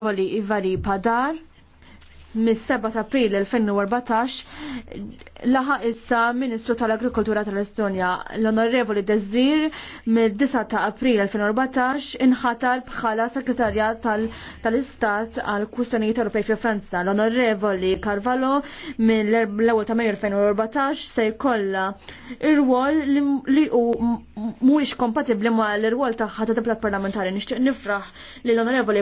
Oli Ivari Padar mis-7 ta' april 2014 laħa issa Ministru tal-Agrikoltura tal-Estonja l-Onorevoli Dezzir mid-9 ta' april 2014 inħatar bħala Sekretarja tal-Istat għal kwistjonijiet Ewropej fi Franza. L-Onorevoli Carvalho mill-1 ta' Mejju 2014 se jkollha ir-rwol li hu mhuwiex kompatibbli ma' l-irwol tagħha ta' deputat parlamentari. Nixtieq nifraħ li l-Onorevoli